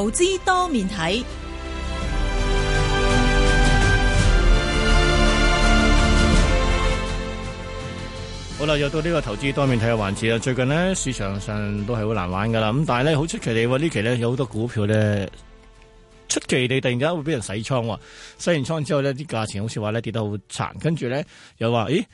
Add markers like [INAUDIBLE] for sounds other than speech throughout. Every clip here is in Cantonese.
投資多面睇，好啦，又到呢個投資多面睇嘅環節啦。最近呢，市場上都係好難玩噶啦。咁但係咧，好出奇地喎，期呢期咧有好多股票咧，出奇地突然間會俾人洗倉，洗完倉之後呢，啲價錢好似話咧跌得好慘，跟住咧又話，咦？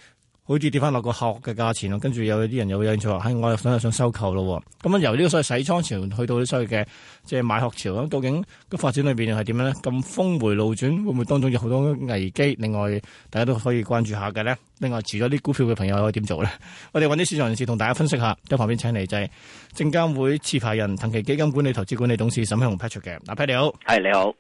好似跌翻落個殼嘅價錢咯，跟住有啲人又會有興趣話，係我又想又想收購咯喎。咁、嗯、由呢個所謂洗倉潮去到啲所謂嘅即係買殼潮，咁究竟個發展裏面又係點樣咧？咁峰回路轉，會唔會當中有好多危機？另外，大家都可以關注下嘅咧。另外，持有啲股票嘅朋友可以點做咧？我哋搵啲市場人士同大家分析一下。喺旁邊請嚟就係證監會持牌人騰祺基金管理投資管理董事沈慶洪 Patrick 嘅，嗱 Pat 你好，hey, 你好。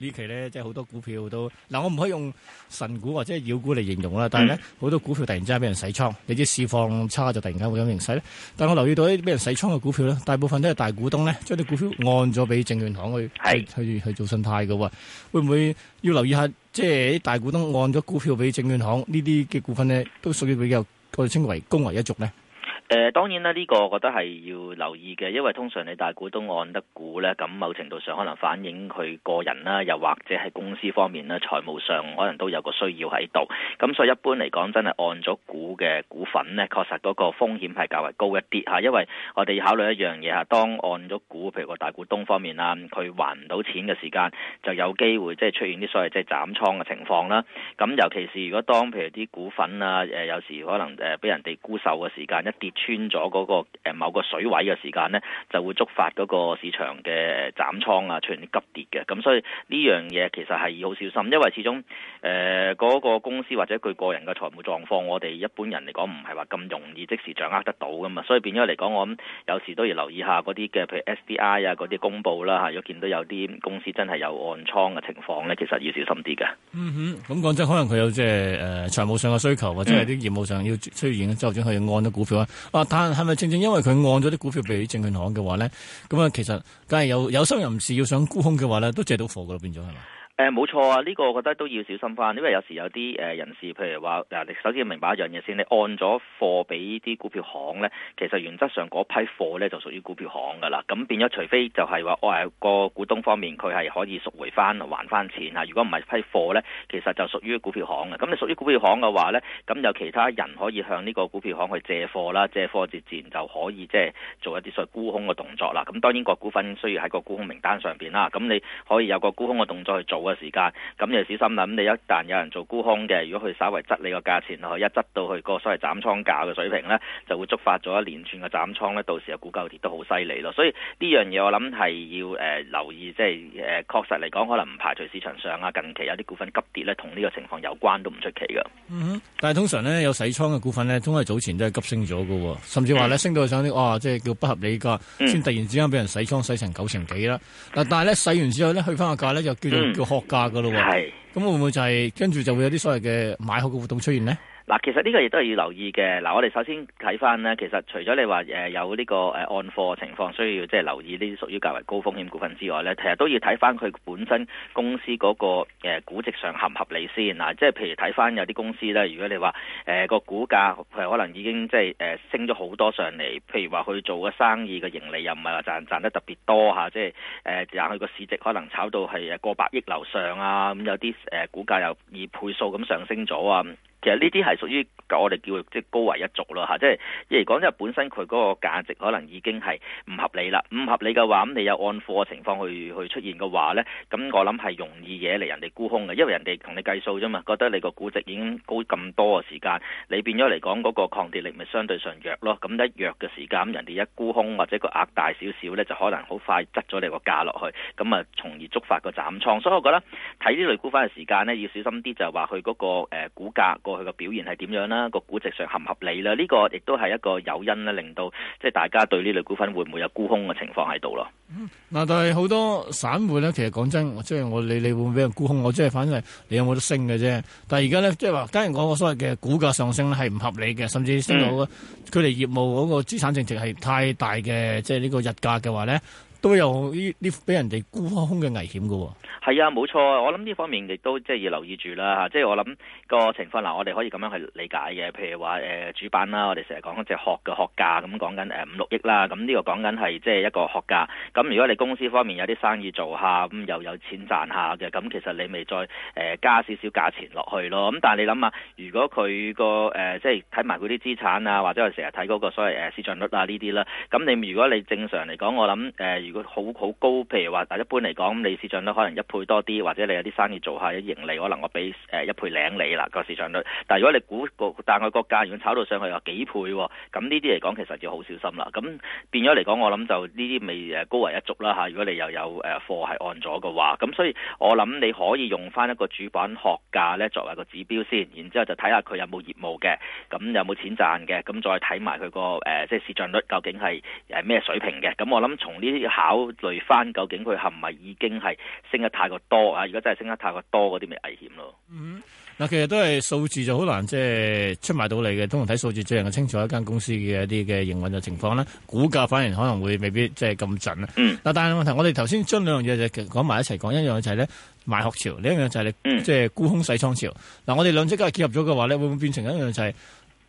期呢期咧，即係好多股票都，嗱，我唔可以用神股或者係妖股嚟形容啦。但係咧，好、嗯、多股票突然之間俾人洗倉，你知市況差就突然間會咁樣形勢咧。但我留意到啲俾人洗倉嘅股票咧，大部分都係大股東咧將啲股票按咗俾證券行去是去去，去做信貸㗎喎。會唔會要留意下？即係大股東按咗股票俾證券行，呢啲嘅股份咧都屬於比較我哋稱為公衞一族咧。誒，當然啦，呢個我覺得係要留意嘅，因為通常你大股東按得股呢，咁某程度上可能反映佢個人啦，又或者係公司方面啦，財務上可能都有個需要喺度。咁所以一般嚟講，真係按咗股嘅股份呢，確實嗰個風險係較為高一啲吓，因為我哋要考慮一樣嘢吓，當按咗股，譬如個大股東方面啦，佢還唔到錢嘅時間，就有機會即係出現啲所謂即係斬倉嘅情況啦。咁尤其是如果當譬如啲股份啊，誒有時可能誒俾人哋沽售嘅時間一跌。穿咗嗰個某個水位嘅時間呢，就會觸發嗰個市場嘅斬倉啊，出現急跌嘅。咁所以呢樣嘢其實係要好小心，因為始終誒嗰、呃嗰個公司或者佢個人嘅財務狀況，我哋一般人嚟講唔係話咁容易即時掌握得到噶嘛。所以變咗嚟講，我諗有時都要留意下嗰啲嘅，譬如 SDI 啊嗰啲公佈啦嚇，如果見到有啲公司真係有按倉嘅情況呢，其實要小心啲嘅。咁講、嗯、真，可能佢有即係誒財務上嘅需求，或者係啲業務上要出現周轉去按啲股票咧。啊！但係咪正正因為佢按咗啲股票俾證券行嘅話咧，咁啊，其實梗係有有心人士要想沽空嘅話咧，都借到貨嘅咯，變咗係嘛？誒冇錯啊！呢個我覺得都要小心翻，因為有時有啲誒人士，譬如話，嗱，你首先要明白一樣嘢先，你按咗貨俾啲股票行呢，其實原則上嗰批貨呢就屬於股票行噶啦。咁變咗，除非就係話我係個股東方面，佢係可以贖回翻還翻錢啊。如果唔係批貨呢，其實就屬於股票行嘅。咁你屬於股票行嘅話呢，咁有其他人可以向呢個股票行去借貨啦，借貨自然就可以即係做一啲所謂沽空嘅動作啦。咁當然個股份需要喺個沽空名單上邊啦。咁你可以有個沽空嘅動作去做。時間咁又小心諗。你一旦有人做沽空嘅，如果佢稍微執你個價錢，去一執到去個所謂斬倉價嘅水平咧，就會觸發咗一連串嘅斬倉咧。到時啊，股價跌得好犀利咯。所以呢樣嘢我諗係要誒、呃、留意，即係誒確實嚟講，可能唔排除市場上啊近期有啲股份急跌咧，同呢個情況有關都唔出奇噶、嗯。但係通常咧有洗倉嘅股份咧，通常早前都係急升咗噶，甚至話咧、嗯、升到上啲哇、啊，即係叫不合理噶，先、嗯、突然之間俾人洗倉洗成九成幾啦。嗱、嗯，但係咧洗完之後咧，去翻個價咧又叫做、嗯、叫價噶咯，係咁，會唔會就係跟住就會有啲所謂嘅買殼嘅活動出現咧？嗱，其實呢個亦都係要留意嘅。嗱，我哋首先睇翻咧，其實除咗你話誒有呢個誒按貨情況需要即係留意呢啲屬於較為高風險股份之外咧，其實都要睇翻佢本身公司嗰個估值上合唔合理先。嗱，即係譬如睇翻有啲公司咧，如果你話誒個股價佢可能已經即係誒升咗好多上嚟，譬如話佢做嘅生意嘅盈利又唔係話賺賺得特別多嚇，即係誒佢個市值可能炒到係誒過百億樓上啊，咁有啲誒股價又以倍數咁上升咗啊。其實呢啲係屬於我哋叫即係高危一族咯嚇，即係例如講就本身佢嗰個價值可能已經係唔合理啦，唔合理嘅話，咁你有按貨情況去去出現嘅話呢，咁我諗係容易惹嚟人哋沽空嘅，因為人哋同你計數啫嘛，覺得你個估值已經高咁多嘅時間，你變咗嚟講嗰個抗跌力咪相對上弱咯，咁一弱嘅時間，人哋一沽空或者個額大少少呢，就可能好快執咗你個價落去，咁啊從而觸發個斬倉，所以我覺得睇呢類股翻嘅時間呢，要小心啲，就係話佢嗰個誒股價。過去個表現係點樣啦？個估值上合唔合理啦？呢個亦都係一個誘因咧，令到即係大家對呢類股份會唔會有沽空嘅情況喺度咯？嗱、嗯，但係好多散戶咧，其實講真，即、就、係、是、我你你會唔會俾人沽空，我即係反正你有冇得升嘅啫。但係而家咧，即係話，家人講我所謂嘅股價上升咧係唔合理嘅，甚至升到佢哋業務嗰個資產淨值係太大嘅，即係呢個溢價嘅話咧。都有呢啲俾人哋沽空嘅危險嘅喎，係啊，冇錯啊！我諗呢方面亦都即係要留意住啦吓。即係我諗個情況嗱，我哋可以咁樣去理解嘅。譬如話誒、呃、主板啦，我哋成日講隻殼嘅殼價咁講緊誒五六億啦。咁、這、呢個講緊係即係一個殼價。咁如果你公司方面有啲生意做下，咁又有錢賺下嘅，咁其實你咪再誒加少少價錢落去咯。咁但係你諗下，如果佢個誒即係睇埋佢啲資產啊，或者我成日睇嗰個所謂誒市佔率啊呢啲啦，咁你如果你正常嚟講，我諗誒。呃如果好好高，譬如話，但一般嚟講，你市盈率可能一倍多啲，或者你有啲生意做一下，盈利可能我俾誒、呃、一倍領你啦個市盈率。但係如果你估個大係個價如果炒到上去有幾倍、哦，咁呢啲嚟講其實要好小心啦。咁變咗嚟講，我諗就呢啲未誒高危一族啦嚇。如果你又有誒貨係按咗嘅話，咁所以我諗你可以用翻一個主板殼價咧作為個指標先，然之後就睇下佢有冇業務嘅，咁有冇錢賺嘅，咁再睇埋佢個誒即係市盈率究竟係誒咩水平嘅。咁我諗從呢啲。考慮翻究竟佢係咪已經係升得太過多啊？如果真係升得太過多，嗰啲咪危險咯。嗯，嗱，其實都係數字就好難，即係出賣到你嘅。通常睇數字最能夠清楚一間公司嘅一啲嘅營運嘅情況啦。股價反而可能會未必即係咁準。嗯。嗱，但係問題，我哋頭先將兩樣嘢就講埋一齊講，一樣就係咧買殼潮，另一樣就係即係沽空洗倉潮。嗱、嗯，我哋兩隻嘅結合咗嘅話咧，會唔會變成一樣就係、是、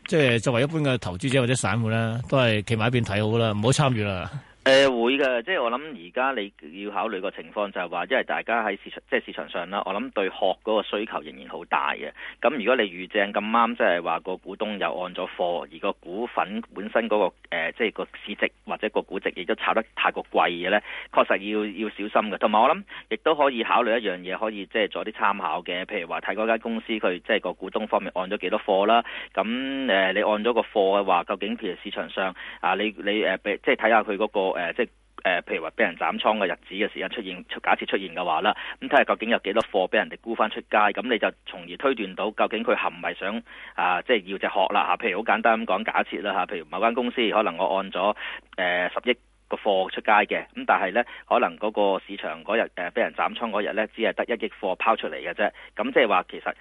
即係作為一般嘅投資者或者散戶啦，都係企埋一邊睇好啦，唔好參與啦。誒會嘅，即係我諗而家你要考慮個情況就係話，因為大家喺市場即係市場上啦，我諗對殼嗰個需求仍然好大嘅。咁如果你預正咁啱，即係話個股東又按咗貨，而個股份本身嗰個，呃，即係個市值或者個股值亦都炒得太過貴嘅呢，確實要要小心嘅。同埋我諗亦都可以考慮一樣嘢，可以即係做啲參考嘅，譬如話睇嗰間公司佢即係個股東方面按咗幾多貨啦。咁你按咗個貨嘅話，究竟譬如市場上啊，你你即係睇下佢嗰個。誒、呃，即係誒、呃，譬如話俾人斬倉嘅日子嘅時候出現，假設出現嘅話啦，咁睇下究竟有幾多貨俾人哋沽翻出街，咁、嗯、你就從而推斷到究竟佢係唔係想啊，即係要隻殼啦吓。譬如好簡單咁講，假設啦吓，譬如某間公司可能我按咗誒十億個貨出街嘅，咁、嗯、但係呢，可能嗰個市場嗰日誒俾人斬倉嗰日呢，只係得一億貨拋出嚟嘅啫，咁、嗯、即係話其實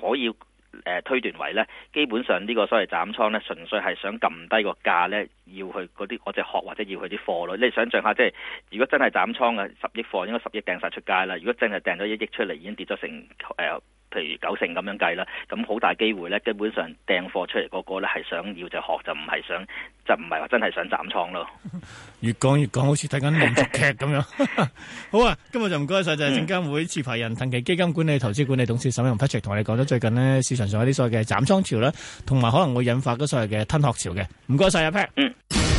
可以。誒、呃、推斷為呢，基本上呢個所謂斬倉呢純粹係想撳低個價，呢，要去嗰啲嗰隻殼或者要去啲貨類。你想像下，即係如果真係斬倉嘅十億貨，應該十億掟晒出街啦。如果真係掟咗一億出嚟，已經跌咗成誒，呃.譬如九成咁樣計啦，咁好大機會咧，基本上訂貨出嚟個個咧係想要學就學就唔係想，就唔係話真係想斬倉咯。越講越講，好似睇緊連續劇咁樣。 [LAUGHS] [LAUGHS] 好啊，今日就唔該晒，就係證監會持牌人騰祺、嗯、基金管理投資管理董事沈慶洪 Patrick 同我哋講咗最近呢，市場上有啲所謂嘅斬倉潮咧，同埋可能會引發嗰所謂嘅吞殼潮嘅。唔該晒，阿 Patrick。